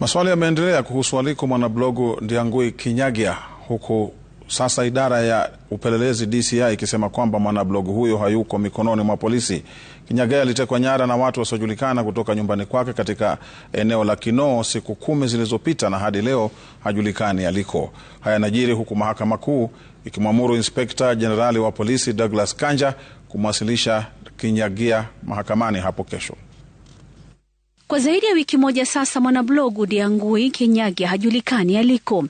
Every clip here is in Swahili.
Maswali yameendelea kuhusu aliko mwanablogu Ndiangui Kinyagia, huku sasa idara ya upelelezi DCI ikisema kwamba mwanablogu huyo hayuko mikononi mwa polisi. Kinyagia alitekwa nyara na watu wasiojulikana kutoka nyumbani kwake katika eneo la Kinoo siku kumi zilizopita na hadi leo hajulikani aliko. Haya yanajiri huku mahakama kuu ikimwamuru inspekta jenerali wa polisi Douglas Kanja kumwasilisha Kinyagia mahakamani hapo kesho. Kwa zaidi ya wiki moja sasa, mwanablogu Diangui Kinyagi hajulikani aliko,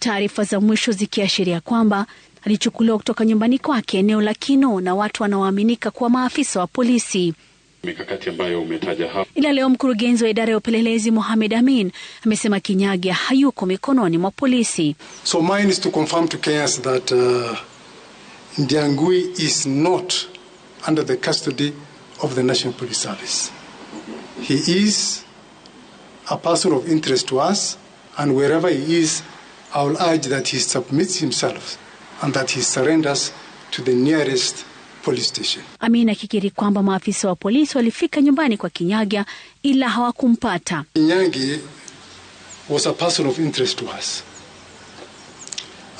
taarifa za mwisho zikiashiria kwamba alichukuliwa kutoka nyumbani kwake eneo la Kino na watu wanaoaminika kuwa maafisa wa polisi. Mikakati ambayo umetaja hapa. Ila leo mkurugenzi wa idara ya upelelezi Mohamed Amin amesema Kinyagia hayuko mikononi mwa polisi. So mine is to confirm to Kenyans that uh, Ndiangui is not under the custody of the National Police Service. He is a person of interest to us, and wherever he is, I will urge that he submits himself and that he surrenders to the nearest police station. Amin akikiri kwamba maafisa wa polisi walifika nyumbani kwa Kinyaga ila hawakumpata. Kinyagi was a person of interest to us.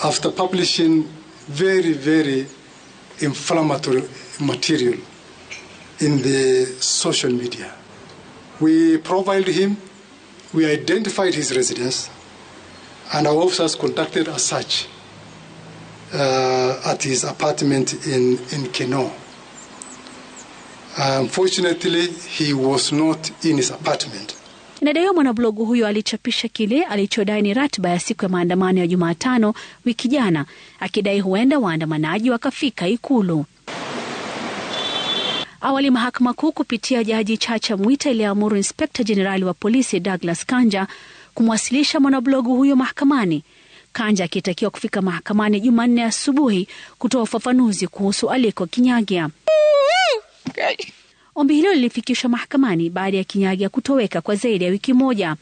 After publishing very, very inflammatory material in the social media, We profiled him, we identified his residence, and our officers conducted a search uh, at his apartment in, in Keno. Unfortunately, he was not in his apartment. Inadaiwa mwanablogu huyo alichapisha kile alichodai ni ratiba ya siku ya maandamano ya Jumatano wiki jana, akidai huenda waandamanaji wakafika Ikulu. Awali mahakama kuu kupitia jaji Chacha Mwita iliamuru inspekta jenerali wa polisi Douglas Kanja kumwasilisha mwanablogu huyo mahakamani, Kanja akitakiwa kufika mahakamani Jumanne asubuhi kutoa ufafanuzi kuhusu aliko Kinyagia. Ombi hilo lilifikishwa mahakamani baada ya Kinyagia kutoweka kwa zaidi ya wiki moja,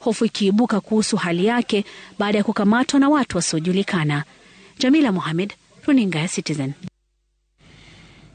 hofu ikiibuka kuhusu hali yake baada ya kukamatwa na watu wasiojulikana. Jamila Mohamed, runinga ya Citizen.